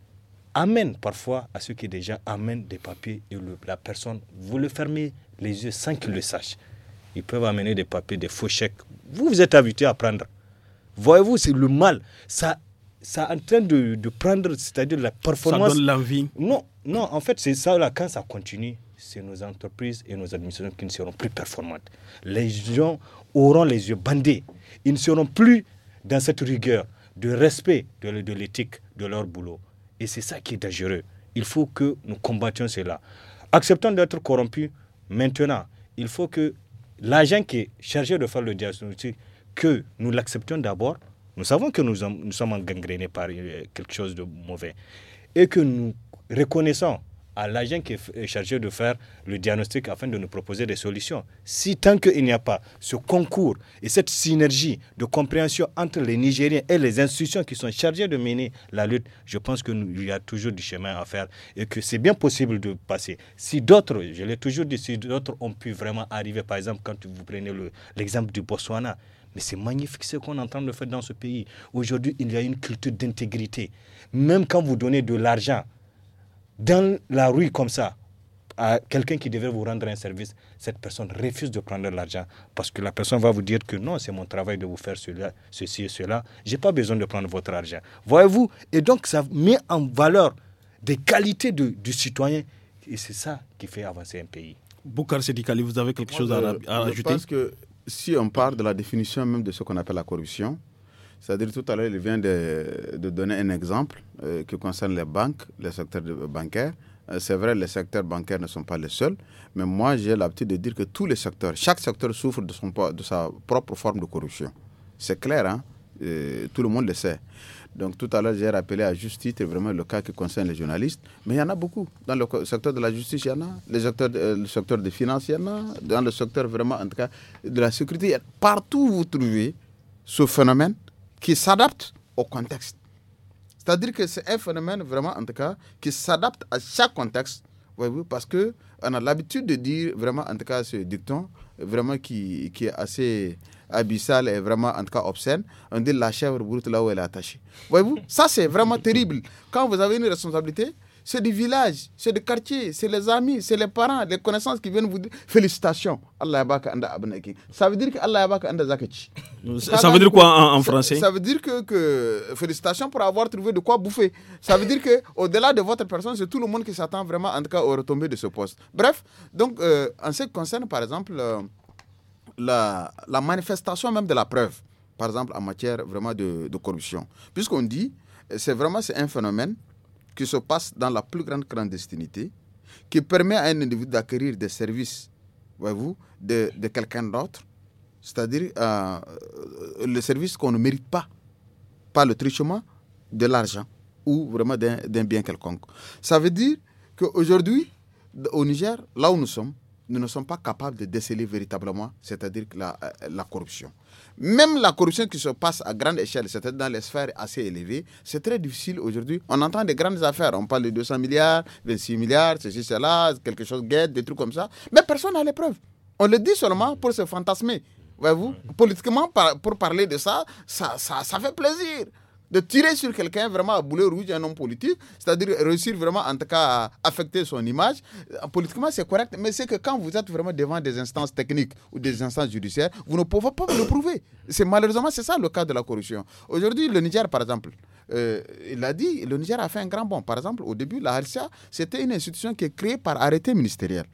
S4: amène parfois à ceux qui déjà amènent des papiers et la personne, vous le fermez les yeux sans qu'il le sache. Ils peuvent amener des papiers, des faux chèques. Vous, vous êtes habitué à prendre. Voyez-vous, c'est le mal. Ça, ça est en train de, prendre, c'est-à-dire la performance. Ça donne l'envie. Non, non, en fait, c'est ça, là, quand ça continue, c'est nos entreprises et nos administrations qui ne seront plus performantes. Les gens auront les yeux bandés. Ils ne seront plus dans cette rigueur de respect de, de l'éthique de leur boulot. Et c'est ça qui est dangereux. Il faut que nous combattions cela. Acceptons d'être corrompus maintenant. Il faut que l'agent qui est chargé de faire le diagnostic, que nous l'acceptions d'abord. Nous savons que nous, sommes gangrénés par euh, quelque chose de mauvais. Et que nous reconnaissons à l'agent qui est chargé de faire le diagnostic afin de nous proposer des solutions. Si tant qu'il n'y a pas ce concours et cette synergie de compréhension entre les Nigériens et les institutions qui sont chargées de mener la lutte, je pense qu'il y a toujours du chemin à faire et que c'est bien possible de passer. Si d'autres, je l'ai toujours dit, si d'autres ont pu vraiment arriver, par exemple, quand vous prenez l'exemple du Botswana, mais c'est magnifique ce qu'on est en train de faire dans ce pays. Aujourd'hui, il y a une culture d'intégrité. Même quand vous donnez de l'argent, dans la rue comme ça à quelqu'un qui devait vous rendre un service, cette personne refuse de prendre l'argent parce que la personne va vous dire que non, c'est mon travail de vous faire cela, ceci et cela. Je n'ai pas besoin de prendre votre argent. Voyez-vous Et donc, ça met en valeur des qualités de, du citoyen et c'est ça qui fait avancer un pays.
S3: Boukar Sedikali, vous avez quelque chose à, Je pense que si on parle de la définition même de ce qu'on appelle la corruption, c'est-à-dire, tout à l'heure, il vient de, donner un exemple euh, qui concerne les banques, les secteurs bancaires. Euh, c'est vrai, les secteurs bancaires ne sont pas les seuls, mais moi, j'ai l'habitude de dire que tous les secteurs, chaque secteur souffre de, son, de sa propre forme de corruption. C'est clair, hein? Euh, tout le monde le sait. Donc tout à l'heure, j'ai rappelé à justice, titre vraiment le cas qui concerne les journalistes, mais il y en a beaucoup. Dans le secteur de la justice, il y en a, les acteurs, le secteur des finances, il y en a, dans le secteur vraiment, en tout cas, de la sécurité, partout où vous trouvez ce phénomène qui s'adapte au contexte. C'est-à-dire que c'est un phénomène vraiment, en tout cas, qui s'adapte à chaque contexte. Voyez-vous, parce qu'on a l'habitude de dire vraiment, en tout cas, ce dicton, vraiment qui, qui est assez abyssal et vraiment, en tout cas, obscène. On dit la chèvre brute là où elle est attachée. Voyez-vous, ça c'est vraiment terrible. Quand vous avez une responsabilité, c'est du village, c'est du quartier, c'est les amis, c'est les parents, les connaissances qui viennent vous dire félicitations. Allah Ça veut dire que Ça veut dire quoi en, français ça, veut dire que, félicitations pour avoir trouvé de quoi bouffer. Ça veut dire que au-delà de votre personne, c'est tout le monde qui s'attend vraiment en tout cas au retombées de ce poste. Bref, donc euh, en ce qui concerne par exemple euh, la, manifestation même de la preuve, par exemple en matière vraiment de, de corruption, puisqu'on dit c'est vraiment c'est un phénomène qui se passe dans la plus grande clandestinité, qui permet à un individu d'acquérir des services, voyez-vous, de, quelqu'un d'autre, c'est-à-dire euh, euh, le service qu'on ne mérite pas par le trichement de l'argent ou vraiment d'un bien quelconque. Ça veut dire qu'aujourd'hui, au Niger, là où nous sommes, nous ne sommes pas capables de déceler véritablement, c'est-à-dire la, euh, la, corruption. Même la corruption qui se passe à grande échelle, c'est-à-dire dans les sphères assez élevées, c'est très difficile aujourd'hui. On entend des grandes affaires, on parle de 200 milliards, 26 milliards, ceci, cela, quelque chose guette, des trucs comme ça, mais personne n'a les preuves. On le dit seulement pour se fantasmer. Voyez-vous, politiquement, pour parler de ça, ça, ça, ça fait plaisir de tirer sur quelqu'un vraiment à boulet rouge, un homme politique, c'est-à-dire réussir vraiment en tout cas à affecter son image. Euh, politiquement, c'est correct, mais c'est que quand vous êtes vraiment devant des instances techniques ou des instances judiciaires, vous ne pouvez pas le prouver. C'est malheureusement c'est ça le cas de la corruption. Aujourd'hui, le Niger, par exemple, euh, il a dit, le Niger a fait un grand bond. Par exemple, au début, la Harcia, c'était une institution qui est créée par arrêté ministériel,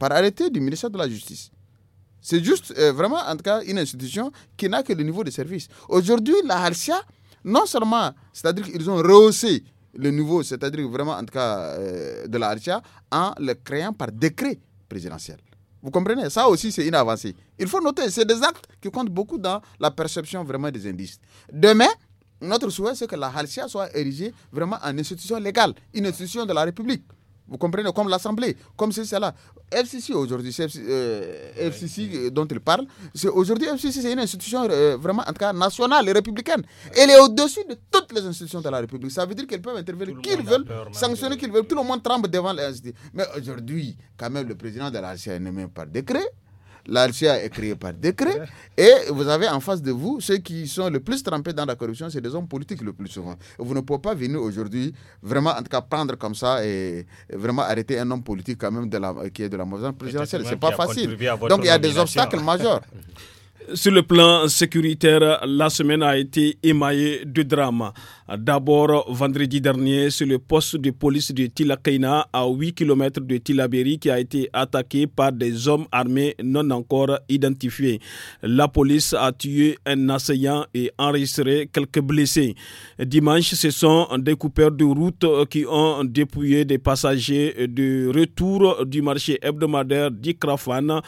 S3: par arrêté du ministère de la Justice. C'est juste euh, vraiment, en tout cas, une institution qui n'a que le niveau de service. Aujourd'hui, la harcia non seulement, c'est-à-dire qu'ils ont rehaussé le niveau, c'est-à-dire vraiment en tout cas euh, de la halcia en le créant par décret présidentiel. Vous comprenez Ça aussi, c'est inavancé. Il faut noter, c'est des actes qui comptent beaucoup dans la perception vraiment des indices. Demain, notre souhait, c'est que la Halcia soit érigée vraiment en institution légale, une institution de la République. Vous comprenez Comme l'Assemblée, comme c'est cela. FCC aujourd'hui, FCC, dont il parle, c'est aujourd'hui FCC, c'est une institution euh, vraiment, en nationale et républicaine. Elle est au-dessus de toutes les institutions de la République. Ça veut dire qu'elles peuvent intervenir qu'ils veulent, sanctionner qu'ils veulent. Tout le monde tremble devant les institutions. Mais aujourd'hui, quand même, le président de la nommé par décret, L'ALCIA est créée par décret. Et vous avez en face de vous ceux qui sont le plus trempés dans la corruption, c'est des hommes politiques le plus souvent. Vous ne pouvez pas venir aujourd'hui vraiment, en tout cas, prendre comme ça et vraiment arrêter un homme politique quand même de la, qui est de la mauvaise présidentielle. C'est pas facile. Donc il y a des obstacles majeurs. Sur le plan
S2: sécuritaire, la semaine a été émaillée de drames. D'abord, vendredi dernier, sur le poste de police de Tilakaina, à 8 km de Tilaberi, qui a été attaqué par des hommes armés non encore identifiés. La police a tué un assaillant et enregistré quelques blessés. Dimanche, ce sont des coupeurs de route qui ont dépouillé des passagers de retour du marché hebdomadaire d'Ikrafan,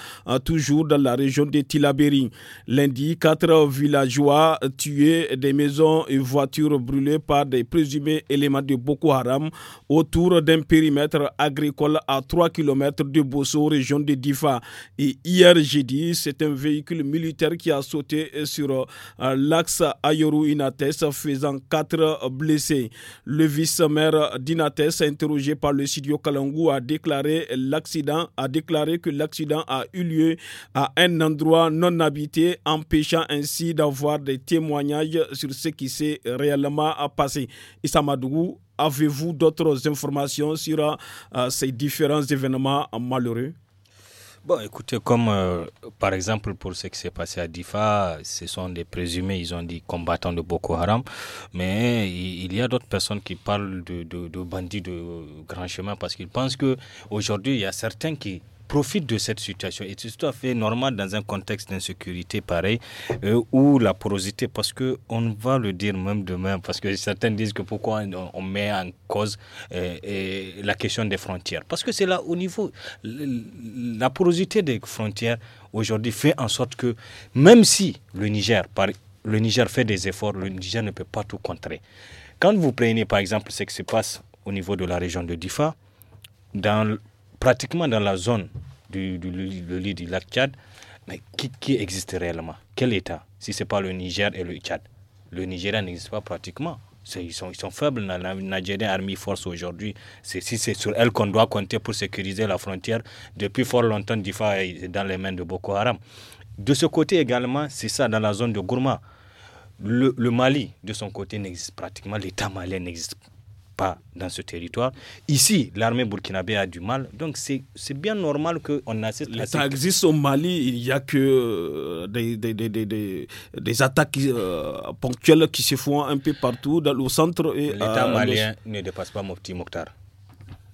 S2: toujours dans la région de Tilaberi. Lundi, quatre villageois tués, des maisons et voitures brûlées par des présumés éléments de Boko Haram autour d'un périmètre agricole à 3 km de Bosso, région de Difa. Et hier jeudi, c'est un véhicule militaire qui a sauté sur euh, l'axe Ayoru Inates, faisant quatre blessés. Le vice-maire d'Inates, interrogé par le studio Kalangu, a déclaré l'accident, a déclaré que l'accident a eu lieu à un endroit non habité empêchant ainsi d'avoir des témoignages sur ce qui s'est réellement passé. Issa avez-vous d'autres informations sur euh, ces différents événements malheureux
S4: Bon, écoutez, comme euh, par exemple pour ce qui s'est passé à Difa, ce sont des présumés, ils ont dit combattants de Boko Haram, mais il, y a d'autres personnes qui parlent de, de bandits de grand chemin parce qu'ils pensent que aujourd'hui il y a certains qui Profite de cette situation. Et c'est tout à fait normal dans un contexte d'insécurité pareil, euh, où la porosité, parce que on va le dire même demain, parce que certains disent que pourquoi on, met en cause euh, la question des frontières. Parce que c'est là au niveau, la porosité des frontières aujourd'hui fait en sorte que même si le Niger, par, le Niger fait des efforts, le Niger ne peut pas tout contrer. Quand vous prenez par exemple ce qui se passe au niveau de la région de Difa, dans pratiquement dans la zone du, lit du lac Tchad, mais qui, qui existe réellement Quel État Si ce n'est pas le Niger et le Tchad. Le Nigeria n'existe pas pratiquement. Ils sont, ils sont faibles. La Nigerian Army Force aujourd'hui, si c'est sur elle qu'on doit compter pour sécuriser la frontière, depuis fort longtemps, Difa est dans les mains de Boko Haram. De ce côté également, c'est ça dans la zone de Gourma. Le, Mali, de son côté, n'existe pratiquement. L'État malien n'existe pas dans ce territoire. Ici, l'armée burkinabé a du mal. Donc, c'est bien normal qu'on assiste à... Ça
S2: existe au Mali, il n'y a que euh, des, des, attaques euh, ponctuelles qui se font un peu partout, dans le centre et... L'État malien
S4: ne dépasse pas Mopti Mokhtar.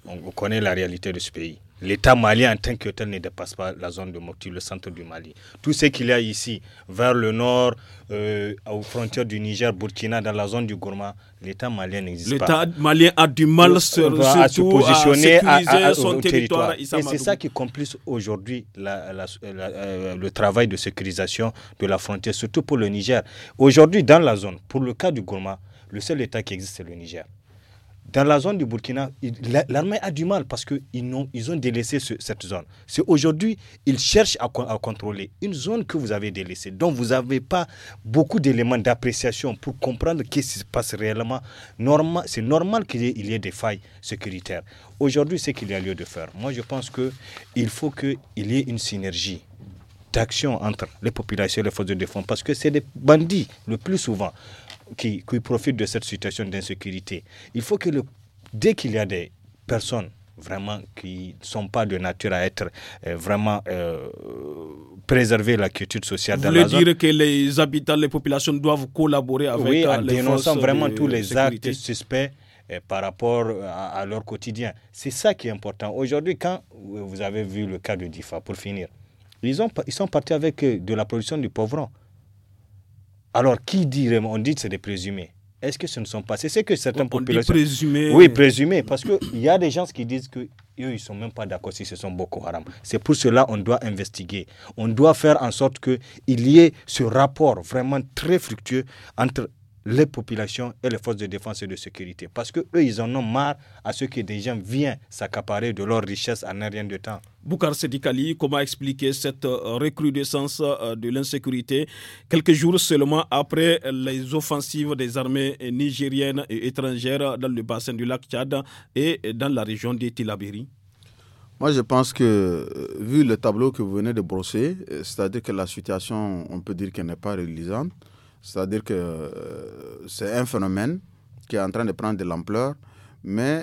S4: on connaît la réalité de ce pays. L'État malien en tant que tel ne dépasse pas la zone de Mopti, le centre du Mali. Tout ce qu'il y a ici, vers le nord, euh, aux frontières du Niger, Burkina, dans la zone du Gourma, l'État malien n'existe pas. L'État malien a du mal à se positionner à, son territoire. Et c'est ça qui complice aujourd'hui euh, le travail de sécurisation de la frontière, surtout pour le Niger. Aujourd'hui, dans la zone, pour le cas du Gourma, le seul État qui existe, c'est le Niger dans la zone du Burkina, l'armée a du mal parce qu'ils ont, ils ont délaissé cette zone. C'est aujourd'hui, ils cherchent à, contrôler une zone que vous avez délaissée, dont vous n'avez pas beaucoup d'éléments d'appréciation pour comprendre ce qui se passe réellement. Normal, c'est normal qu'il y, ait des failles sécuritaires. Aujourd'hui, c'est qu'il y a lieu de faire. Moi, je pense qu'il faut qu'il y ait une synergie d'action entre les populations et les forces de défense parce que c'est des bandits le plus souvent qui, profitent de cette situation d'insécurité. Il faut que dès qu'il y a des personnes vraiment qui ne sont pas de nature à être euh, vraiment euh, préserver la quiétude sociale Vous dans la dire
S2: que les habitants, les populations doivent collaborer
S4: avec oui, euh, en dénonçant vraiment tous les actes suspects euh, par rapport à, leur quotidien. C'est ça qui est important. Aujourd'hui, quand vous avez vu le cas de DIFA, pour finir, ils, ont, ils sont partis avec de la production du pauvron. Alors, qui dit On dit c'est des présumés. Est-ce que ce ne sont pas C'est que certaines populations. Oui, présumés. Parce qu'il y a des gens qui disent que eux, ils ne sont même pas d'accord si ce sont beaucoup Haram. C'est pour cela qu'on doit investiguer. On doit faire en sorte qu'il y ait ce rapport vraiment très fructueux entre les populations et les forces de défense et de sécurité. Parce que ils en ont marre à ce que des gens viennent s'accaparer de leur richesse en un rien de temps.
S2: Boukar Sedikali, comment expliquer cette euh, recrudescence euh, de l'insécurité quelques jours seulement après les offensives des armées nigériennes et étrangères dans le bassin du lac Tchad et dans la région des Tillabéri
S3: moi, je pense que, vu le tableau que vous venez de brosser, euh, c'est-à-dire que la situation, on peut dire qu'elle n'est pas réalisante. C'est-à-dire que euh, c'est un phénomène qui est en train de prendre de l'ampleur. Mais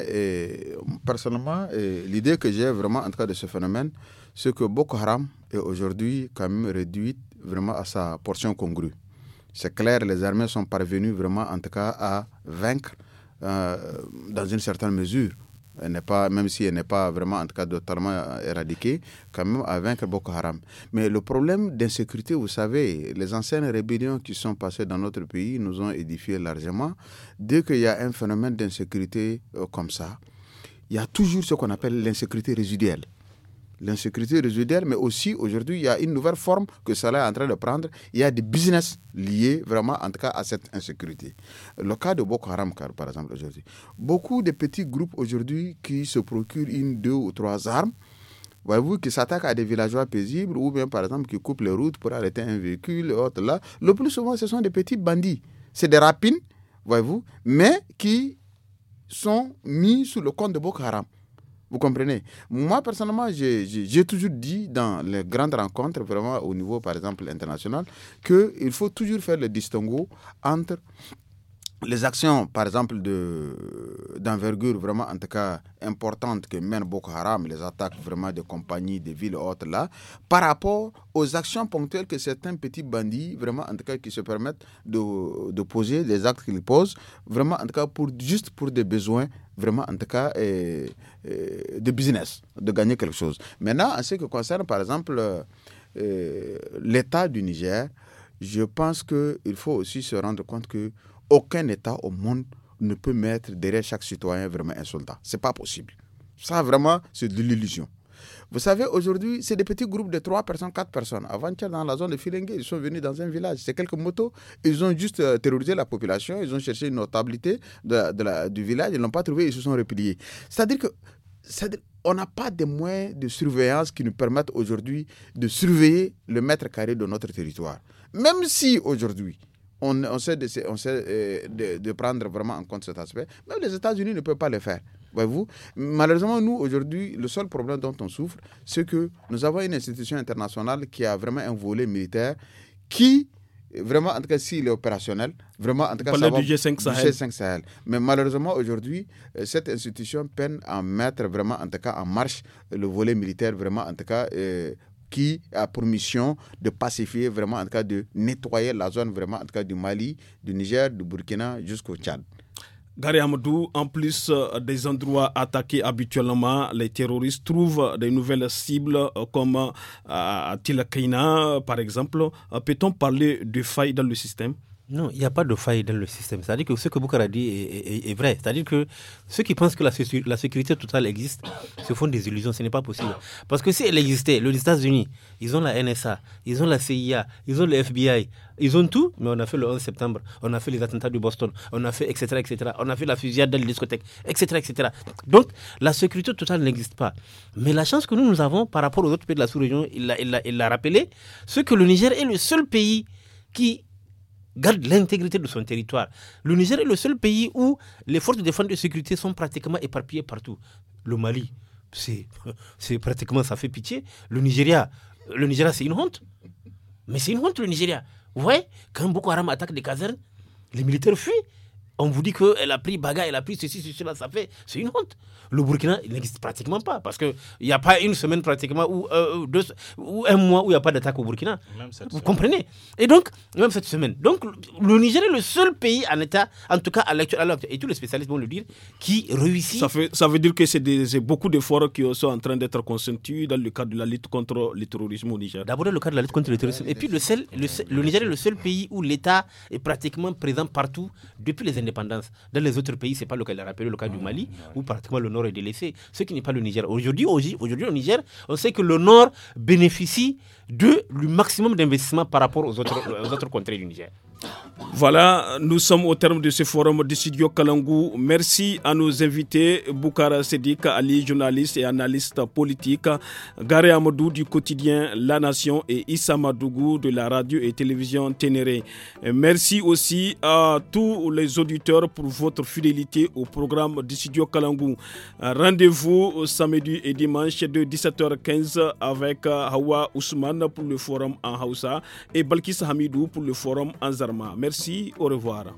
S3: personnellement, l'idée que j'ai vraiment en cas de ce phénomène, c'est que Boko Haram est aujourd'hui quand même réduite vraiment à sa portion congrue. C'est clair, les armées sont parvenues vraiment en tout cas à vaincre euh, dans une certaine mesure n'est pas, même si elle n'est pas vraiment, en tout cas, totalement euh, éradiquée, quand même à vaincre Boko Haram. Mais le problème d'insécurité, vous savez, les anciennes rébellions qui sont passées dans notre pays nous ont édifiés largement. Dès qu'il y a un phénomène d'insécurité euh, comme ça, il y a toujours ce qu'on appelle l'insécurité résiduelle l'insécurité résiduelle, mais aussi aujourd'hui, il y a une nouvelle forme que cela est en train de prendre. Il y a des business liés vraiment, en tout cas, à cette insécurité. Le cas de Boko Haram, par exemple, aujourd'hui. Beaucoup de petits groupes aujourd'hui qui se procurent une, deux ou trois armes, voyez-vous, qui s'attaquent à des villageois paisibles ou bien, par exemple, qui coupent les routes pour arrêter un véhicule, autres là. Le plus souvent, ce sont des petits bandits. C'est des rapines, voyez-vous, mais qui sont mis sous le compte de Boko Haram. Vous comprenez Moi, personnellement, j'ai toujours dit dans les grandes rencontres, vraiment au niveau, par exemple, international, qu'il faut toujours faire le distinguo entre les actions, par exemple, d'envergure vraiment, en tout cas, importante que mène Boko Haram, les attaques vraiment de compagnies, des villes hautes là, par rapport aux actions ponctuelles que certains petits bandits, vraiment, en tout cas, qui se permettent de, de poser, les actes qu'ils posent, vraiment, en tout cas, pour, juste pour des besoins vraiment, en tout cas, euh, euh, de business, de gagner quelque chose. Maintenant, en ce qui concerne, par exemple, euh, l'État du Niger, je pense qu'il faut aussi se rendre compte que aucun État au monde ne peut mettre derrière chaque citoyen vraiment un soldat. Ce n'est pas possible. Ça, vraiment, c'est de l'illusion. Vous savez, aujourd'hui, c'est des petits groupes de 3 personnes, 4 personnes. Avant-hier, dans la zone de Filengue, ils sont venus dans un village. C'est quelques motos. Ils ont juste euh, terrorisé la population. Ils ont cherché une notabilité de, du village. Ils ne l'ont pas trouvé. Ils se sont repliés. C'est-à-dire que on n'a pas de moyens de surveillance qui nous permettent aujourd'hui de surveiller le mètre carré de notre territoire. Même si aujourd'hui, on, sait, euh, de, de, prendre vraiment en compte cet aspect, même les États-Unis ne peuvent pas le faire. Bah, vous, malheureusement, nous, aujourd'hui, le seul problème dont on souffre, c'est que nous avons une institution internationale qui a vraiment un volet militaire qui, vraiment, en tout cas, s'il est opérationnel, vraiment, en tout cas, ça va, G5 Sahel. Mais malheureusement, aujourd'hui, euh, cette institution peine à mettre vraiment, en tout cas, en marche le volet militaire, vraiment, en tout cas, euh, qui a pour mission de pacifier vraiment, en tout cas, de nettoyer la zone vraiment, en tout cas, du Mali, du Niger, du Burkina jusqu'au Tchad.
S2: Gary Amadou, en plus euh, des endroits attaqués habituellement, les terroristes trouvent des nouvelles cibles euh, comme euh, à par exemple. Peut-on parler de failles dans le
S1: système non, il n'y a pas de faille dans le système. C'est-à-dire que ce que a dit est, vrai. C'est-à-dire que ceux qui pensent que la, la, sécurité totale existe se font des illusions. Ce n'est pas possible. Parce que si elle existait, les États-Unis, ils ont la NSA, ils ont la CIA, ils ont le FBI, ils ont tout, mais on a fait le 11 septembre, on a fait les attentats de Boston, on a fait etc., etc., on a fait la fusillade dans les discothèques, etc., etc. Donc, la sécurité totale n'existe pas. Mais la chance que nous, nous avons par rapport aux autres pays de la sous-région, il l'a rappelé, c'est que le Niger est le seul pays qui garde l'intégrité de son territoire. Le Niger est le seul pays où les forces de défense et de sécurité sont pratiquement éparpillées partout. Le Mali, c'est pratiquement, ça fait pitié. Le Nigeria, le Nigeria c'est une honte. Mais c'est une honte le Nigeria. Ouais, quand Boko Haram attaque des casernes, les militaires fuient on vous dit qu'elle a pris Baga, elle a pris ceci, ceci, cela, ça fait. C'est une honte. Le Burkina, il n'existe pratiquement pas. Parce qu'il n'y a pas une semaine pratiquement ou, euh, deux, un mois où il n'y a pas d'attaque au Burkina. Vous comprenez Et donc, même cette semaine. Donc, le Niger est le seul pays en état, en tout cas à l'actuel, et tous les spécialistes vont le dire,
S2: qui réussit. Ça, fait, ça veut dire que c'est beaucoup d'efforts qui sont en train d'être consentis dans le cadre de la
S1: lutte contre le terrorisme au Niger. D'abord, dans le cadre de la lutte contre le terrorisme. Et puis, le, seul, le, le Niger est le seul pays où l'État est pratiquement présent partout depuis les années indépendance. Dans les autres pays, ce n'est pas le cas. le cas du Mali, où pratiquement le Nord est délaissé, ce qui n'est pas le Niger. Aujourd'hui, aujourd'hui, au Niger, on sait que le Nord bénéficie du maximum d'investissement par rapport aux autres, aux autres contrées du Niger.
S2: Voilà, nous sommes au terme de ce forum de Studio Kalangou. Merci à nos invités, Boukara Sedik Ali, journaliste et analyste politique, Gare Amadou du quotidien La Nation et Issa Madougou de la radio et télévision Ténéré. Merci aussi à tous les auditeurs pour votre fidélité au programme de Studio Kalangou. Rendez-vous samedi et dimanche de 17h15 avec Hawa Ousmane pour le forum en Hausa et Balkis Hamidou pour le forum en Zarma. Merci, au revoir.